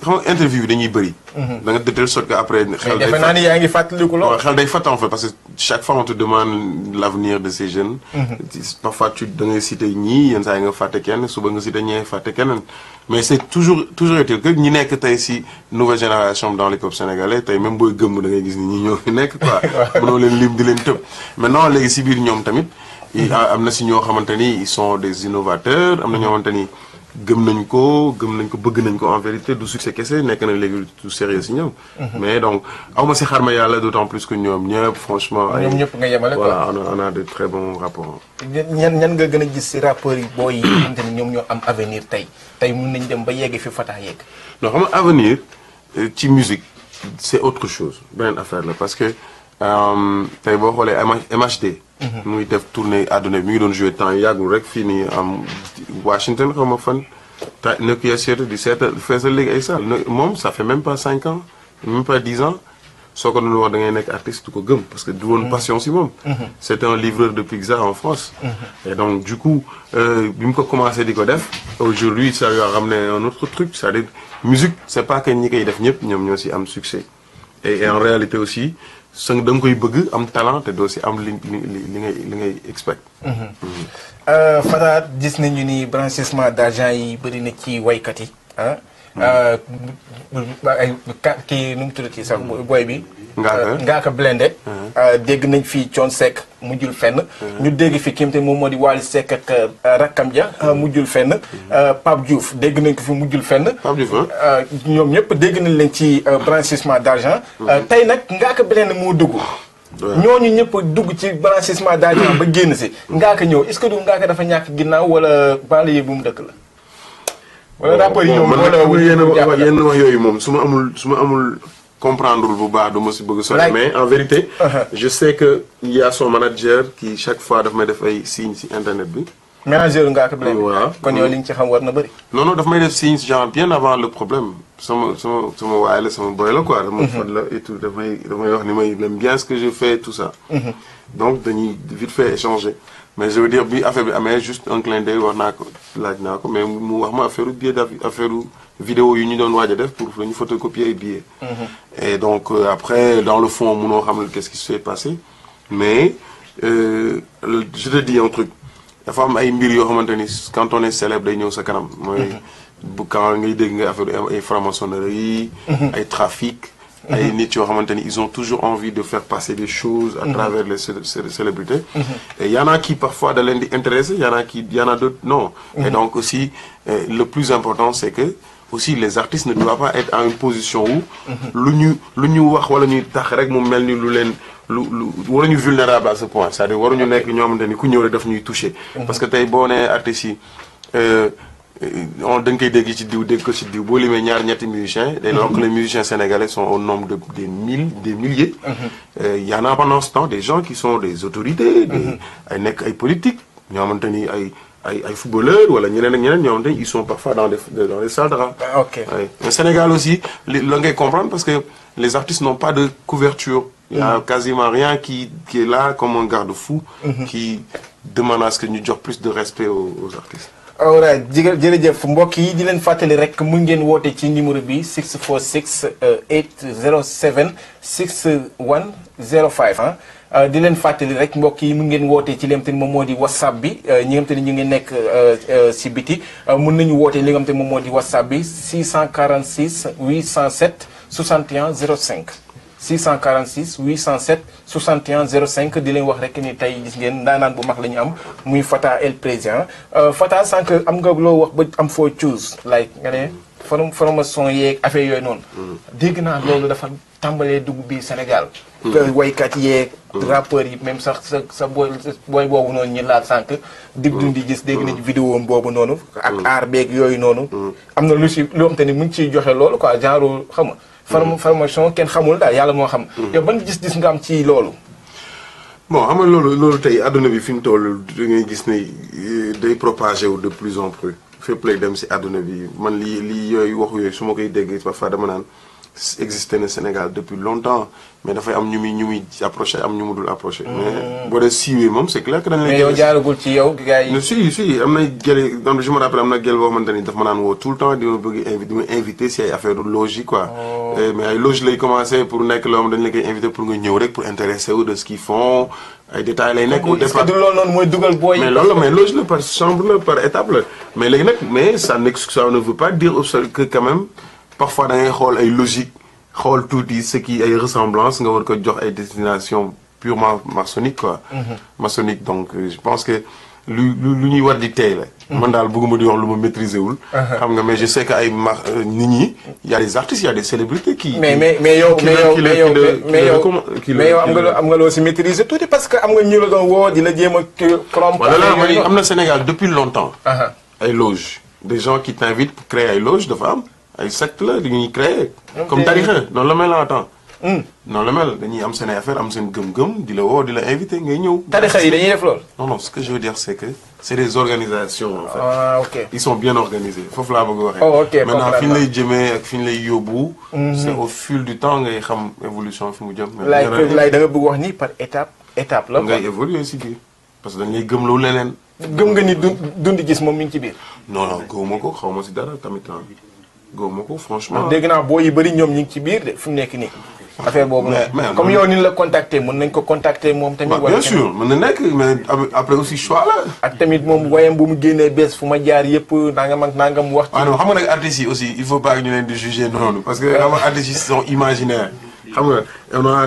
xam nga interview bi dañuy bëri. Mhm. da nga de telle sorte que après. xel day defe naa ngi fàttaliku lool. waaw xel parce que chaque fois on te demande l' de ces jeunes. Mhm. parfois tu da ngay cité ñii yenn saa yi nga fàtte kenn suba nga cité ñee fàtte keneen. mais c' toujours toujours est-il que ñi nekk tey si nouvelle génération dans l'hip-hop sénégalais tey même booy gëmm da ngay gis ni ñi ñoo nekk quoi. mënoo leen lim di leen tëb. maintenant léegi si biir ñoom tamit. am na si ñoo xamante ni ils sont des innovateurs am na ñoo ni. gëm nañ ko gëm nañ ko bëgg nañ ko en vérité du succès kese nekk na léegi tout sérieux si ñoom. Mhm. mais donc aw ma si xar ma yàlla d'autant plus que ñoom ñëpp franchement. ñëpp nga yemale quoi voilà a de très bons rapports. ñan nga gën a gis si rapport yi booy yi nga xamante ni ñoom ñoo am avenir tey tey mun nañ dem ba yegg fi Fata yegg. non xam nga avenir euh, ci musique c'est autre chose beneen affaire la Euh, tey boo xoolee MHD. muy mhm. def tournée àdduna bi mi ngi doon joué temps yàggul rek fii nii am Washington xaw ma fan. ta nekk yaa seetu di seetal feesal léegi ay saal moom ça fait même pas cinq ans même pas dix ans soo ko doon wax da ngay nekk artiste du ko gëm parce que du woon mhm. passion si moom mhm. c'est un livreur de pizza en France et donc du coup euh, bi mu ko commencé di ko def aujourd'hui ça lui a ramené un autre truc c'est-à-dire musique c'est pas que ñi koy def ñëpp ñoom ñoo si am succès et réalité aussi sa da nga koy bëgg am talent te doo si am li li li li ngay expect. Mm-hmm. Euh, Fada gis nañu ni blanchissement d'argent yi bëri na ci waykat yi ah Euh, ay kii nu mu tuddati sax booy bi. Ngaaka euh, Blindé. Uh-huh. Euh, dégg nañ fii Thione Seck mujjul fenn. Uh-huh. ñu dégg fi kim te moom moo di Wally Seck ak rakkam ja uh-huh. mujjul fenn. Pape Diouf dégg nañ ko fi mujjul fenn. Pape Diouf ñoom ñëpp dégg nañ leen ci blanchissement d'argent. tey nag Ngaaka Blindé moo dugg. Oh, ñooñu ñëpp dugg ci blanchissement d'argent ba génn si. Ngaaka ñëw est-ce que du Ngaaka dafa ñàkk ginnaaw wala banlieue bu mu dëkk la. wala oh, rapport yi ñoom wala yenn wax yooyu moom su ma amul su ma amul comprendre bu baax du ma si bëgg sori mais en vérité uh-huh. je sais que y a son manager qui chaque fois daf may def ay signes si internet bi manager nga ak Blindé waaw kon yow li nga ci xam war na bëri non non daf may def signe genre bien avant le problème sama sama sama waay la sama boy la quoi dama uh-huh. la et tout may wax ni may il aime bien ce que je fais tout ça uh-huh. donc dañuy vite fait échanger mais je veux dire bi affaire bi amee juste un clin d'œil wax naa ko laaj naa ko mais mu wax ma affaire billet d' affaire vidéo yu ñu doon waaj a def pour ñu photocopier ay billets. Mm-hmm. et donc euh, après dans le fond munoo xam qu'est-ce qui s'est passé mais euh, je te dis un truc dafa am ay mbir yoo xamante ni quand on célèbre day ñëw sa kanam. mooy mm-hmm. bu ka ngay dégg nga affaire ay franc-maçonnerie mm-hmm. ay trafic. ay nit yoo xamante ni ils ont toujours envie de faire passer des choses. à mm -hmm. travers les célébrités. Mm -hmm. et y qui parfois da leen di intéressé y en a qui y en d'autres non. et mhm. donc aussi euh, le plus important c'est que. aussi les artistes ne doivent pas être en une position où mhm. lu ñu lu ñu wax wala ñuy tax rek mu mel ni lu leen lu lu waruñu vulnérable à ce point c'est-à-dire waruñu nekk ñoo xamante ni ku ñëw rek ñuy toucher mhm. parce que tey boo nee Euh, on dañ koy dégg ci diw dégg ko ci diw boo limee ñaar ñetti musiciens. day donc les musiciens sénégalais sont au nombre de des mille des milliers. Mhm. Euh, y en a pendant ce temps des gens qui sont des autorités. des mhm. ay nekk ay politiques ñoo xamante ni ay. ay ay footballeurs wala ñeneen ak ñeneen ñoo xamante ils sont parfois dans des dans des salles de rang. Ah, ok mais Sénégal aussi li la ngay comprendre parce que les artistes n'ont pas de couverture. y a mhm. quasiment rien qui qui est là comme un garde-fou. qui demande à ce que ñu jox plus de respect aux artistes. alright jërëjëf mbokk yi di leen fàttali rek mu ngeen woote ci numéro bi 646 807 6105 di leen fàttali rek mbokk yi mu ngeen woote ci li nga te moom moo di whatsapp bi euh, ñi nga te ni ñu ngi nekk euh, euh, si biti mun nañu wootee li nga te moom moo di whatsapp bi 646 807 61 05. 646 807 61 05 di leen wax rek ni tey gis ngeen ndaanaan bu max la ñu am muy Fata El Président euh, Fata sànq am nga loo wax ba am foo choose like nga ne form formation yeeg affaire yooyu noonu. Hmm. dégg naa loolu dafa tàmbalee dugub bi Sénégal. que hmm. waykat yeeg. Hmm. rappeurs yi même sax sa sa booy booy boobu noonu ñu laal sànq. dig dundi gis dégg nañu vidéo boobu noonu. ak aar beeg yooyu noonu. am na lu si loo xam te ni mu ngi ciy joxe loolu quoi genre xam nga. forme mm-hmm. formation kenn xamul daal yàlla moo xam. Mm-hmm. yow ban gis-gis nga am ci loolu. bon xam loolu loolu tey àdduna bi fi mu toll da gis ni day propagé wu de plus en plus fépp lay dem si àdduna bi man lii lii yooyu wax yooyu su ma koy dégg parfois dama naan. existé na Sénégal depuis longtemps mais dafay am ñu muy ñu muy approché am ñu mu dul approché. Mm-hmm. mais boo dee siiwee moom c' est clair que dañ lay. mais yow jaaragul ci yow gars yi. si si am na gël donc je me rappelle am na gël boo xamante ni daf ma naan woo tout le temps di ma bëgg invi di ma invité si ay affaire loge yi quoi. Oh. mais ay loge lay commencé pour nekk loo xam dañ la koy invité pour nga ñëw rek pour intéresser wu de ce qu'ils font ay détails lay nekk. au départ du loolu noonu mooy dugal booy. mais loolu la mais loge la par chambre la par étape la mais léegi nag mais ça ne ça ne veut pas dire que quand même. parfois da ngay xool ay logique xool tuuti ce qui ay ressemblance nga war ko jox ay destination purement maçonnique quoi. Mhm. maçonnique donc euh, je pense que lu lu ñuy war di tey la. Mhm. man daal bëgguma di wax lu ma maîtriser wul. Uh-huh. xam nga mais je sais que ay ma euh, nit ñi a des artistes y a des célébrités. qui mais mais mais yow mais am nga loo am nga loo parce que am nga ñu la doon woo la jéem a trompe. am na Sénégal depuis longtemps. Uh-huh. ay loges des gens qui t'invitent pour créer ay loges dafa am. ay secte la dañuy créer comme tarixa noonu la mel en temps hmm. noonu la mel dañuy am seen affaire am seen gëm-gëm di la woo di la invité ngay ñëw. tarixa yi dañuy def lool. non non ce que je veux dire c' est ah, foofu laa bëgg waxee. oh ok maintenant lay jëmee ak fi lay yóbbu. Hmm. c' est au fil du temps ngay xam évolution fi mu jëm. laay laay da nga bëgg wax ni par étape étape la. ngay évoluer si biir parce que dañ lay gëm loolu leneen. gëm nga ni dund gis moom mi ngi ci biir. non non gëwuma ko xaw ma si dara tamit. góob ma ko franchement. dégg naa boo yi bëri ñoom ñu ngi ci biir de fi mu nekk nii. Ah. affaire boobu nag comme yow ni la contacter mën nañ ko contacter moom tamit. wala bien tamit moom wayam bu mu génnee bees ma jaar yëpp nangam ak nangam wax. waaw ah non xam nga nag artistes aussi il faut pas que ñu leen di juger noonu parce que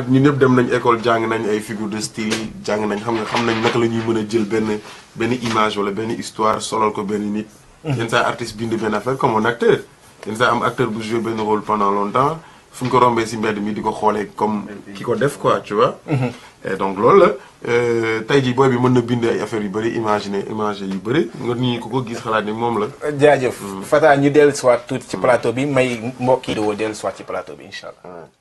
ñu ñëpp dem nañ école jàng nañ ay figure de style jàng nañ xam nga xam nañ naka la ñuy mën a jël benn benn image wala benn histoire solal ko benn nit. Mm-hmm. yenn saa artiste bind benn affaire comme un acteur. yenn saa am acteur bu joué benn rôle pendant longtemps fu ñu ko rombee si mbedd mi di ko xoolee comme ki ko def ko tu vois. Mm-hmm. et donc loolu la euh, tey jii booy bi mën na bind ay affaires yu bëri imaginer imaginer yu bëri nga nii ku ko gis xalaat ni moom la. jaajëf mm. Fata ñu dellusiwaat tuuti ci plateau bi may mbokk yi. di woo ci plateau bi incha allah.